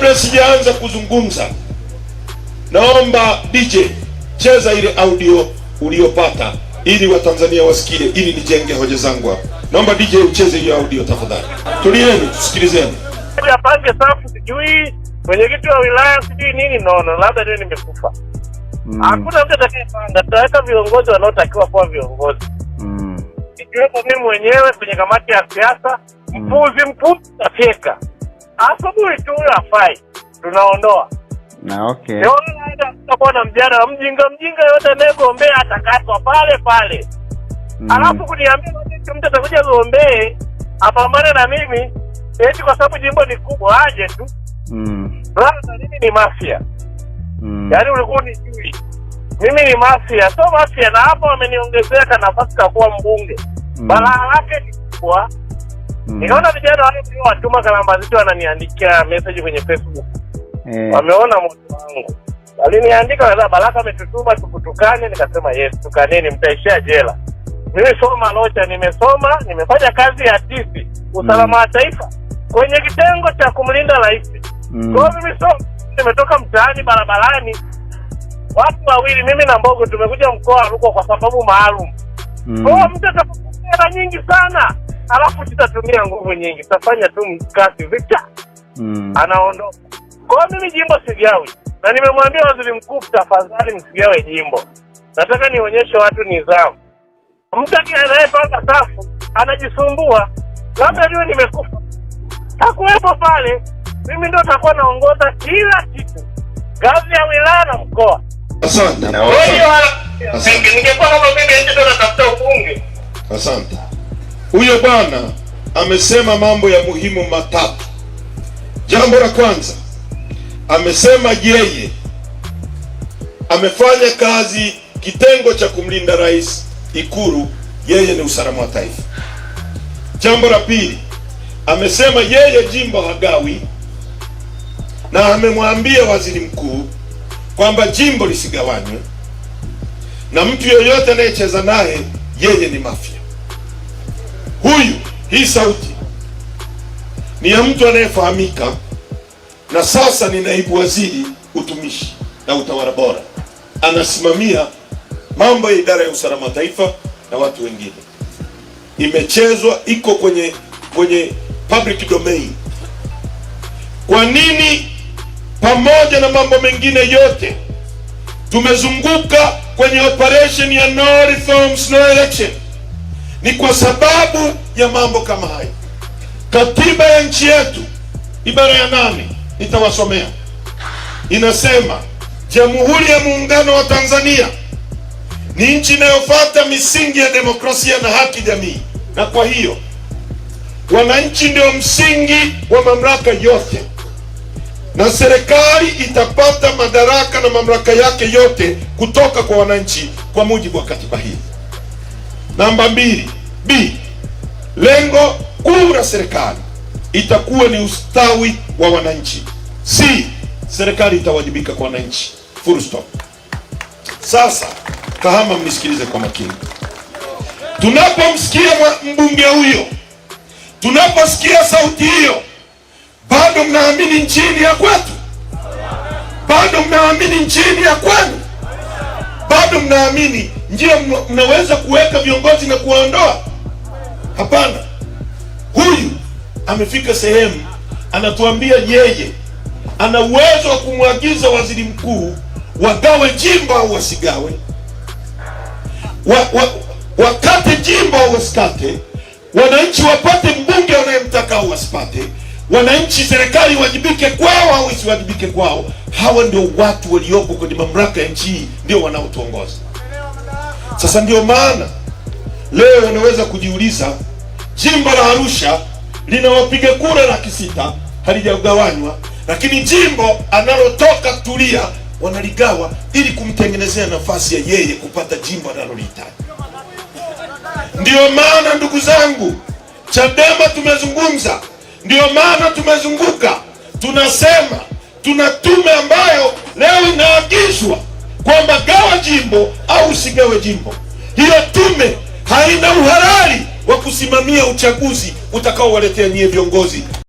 kabla sijaanza kuzungumza, naomba DJ cheza ile audio uliyopata ili watanzania wasikie, ili nijenge hoja zangu hapa. Naomba DJ ucheze hiyo audio tafadhali. Tulieni tusikilizeni. Apange safu, sijui mwenyekiti wa wilaya, sijui nini. Naona labda ndio nimekufa. Mm. Hakuna mtu atakayepanda, tutaweka viongozi wanaotakiwa kuwa viongozi, mm. ikiwepo mimi mwenyewe kwenye kamati ya siasa, mm. mpuzi mpuzi tafyeka asubuhi tu afai tunaondoa na okay. Leo naenda mjana mjinga mjinga yote anayegombea atakatwa pale pale mm. Alafu kuniambia mtu atakuja gombee apambane na mimi eti kwa sababu jimbo ni kubwa aje tu mm. Brother, mimi ni mafia mm. Yaani ulikuwa ni jui mimi ni mafia so mafia, na hapo wameniongezea nafasi kakuwa mbunge mm. Balaa lake ni kubwa Mm. Nikaona vijana wale watuma kalamba zitu wananiandikia message kwenye Facebook. Eh. Wameona moto wangu. Aliniandika kaza Baraka ametutuma tukutukane, nikasema yes, tukaneni mtaishia jela. Mimi soma locha, nimesoma, nimefanya kazi ya tisi, usalama wa mm. taifa kwenye kitengo cha kumlinda rahisi Mm. mimi so nimetoka mtaani barabarani. Watu wawili mimi na Mbogo tumekuja mkoa ruko kwa sababu maalum. Mm. Kwa mtu hela nyingi sana alafu tutatumia nguvu nyingi, tutafanya tu mkasi vita mm. anaondoka. Kwa mimi jimbo sigawi, na nimemwambia waziri mkuu, tafadhali msigawe jimbo. Nataka nionyeshe watu nidhamu. Mtu anayepanga safu anajisumbua, labda niwe nimekufa, takuwepo pale. Mimi ndo takuwa naongoza kila kitu, gazi ya wilaya na mkoa. Ningekuwa kama mimi ndo natafuta ubunge. Asante. Huyo bwana amesema mambo ya muhimu matatu. Jambo la kwanza amesema yeye amefanya kazi kitengo cha kumlinda rais Ikulu, yeye ni usalama wa taifa. Jambo la pili amesema yeye jimbo hagawi, na amemwambia waziri mkuu kwamba jimbo lisigawanywe na mtu yoyote anayecheza naye, yeye ni mafia. Hii sauti ni ya mtu anayefahamika, na sasa ni naibu waziri utumishi na utawala bora, anasimamia mambo ya idara ya usalama wa taifa na watu wengine. Imechezwa, iko kwenye kwenye public domain. Kwa nini pamoja na mambo mengine yote tumezunguka kwenye operation ya no reforms no election? Ni kwa sababu ya mambo kama haya. Katiba ya nchi yetu ibara ya nane nitawasomea, inasema Jamhuri ya Muungano wa Tanzania ni nchi inayofuata misingi ya demokrasia na haki jamii, na kwa hiyo wananchi ndio msingi wa mamlaka yote, na serikali itapata madaraka na mamlaka yake yote kutoka kwa wananchi, kwa mujibu wa katiba hii. Namba mbili, B, lengo kuu la serikali itakuwa ni ustawi wa wananchi. C, serikali itawajibika kwa wananchi. Full stop. Sasa Kahama, mnisikilize kwa makini. Tunapomsikia mbunge huyo, tunaposikia sauti hiyo, bado mnaamini nchini ya kwetu? Bado mnaamini nchini ya kwenu? bado mnaamini ndio mnaweza kuweka viongozi na kuwaondoa? Hapana. Huyu amefika sehemu anatuambia yeye ana uwezo wa kumwagiza waziri mkuu wagawe jimbo au wasigawe, wa, wa, wakate jimbo au wasikate, wananchi wapate mbunge wanayem wananchi, serikali iwajibike kwao au isiwajibike kwao. Hawa ndio watu waliopo kwenye mamlaka ya nchi hii, ndio wanaotuongoza. Sasa ndio maana leo wanaweza kujiuliza, jimbo la Arusha lina wapiga kura laki sita halijagawanywa, lakini jimbo analotoka Tulia wanaligawa ili kumtengenezea nafasi ya yeye kupata jimbo analolihitaji. Ndiyo maana ndugu zangu, Chadema tumezungumza ndio maana tumezunguka tunasema tuna tume ambayo leo inaagizwa kwamba gawa jimbo au usigawe jimbo. Hiyo tume haina uhalali wa kusimamia uchaguzi utakaowaletea nyie viongozi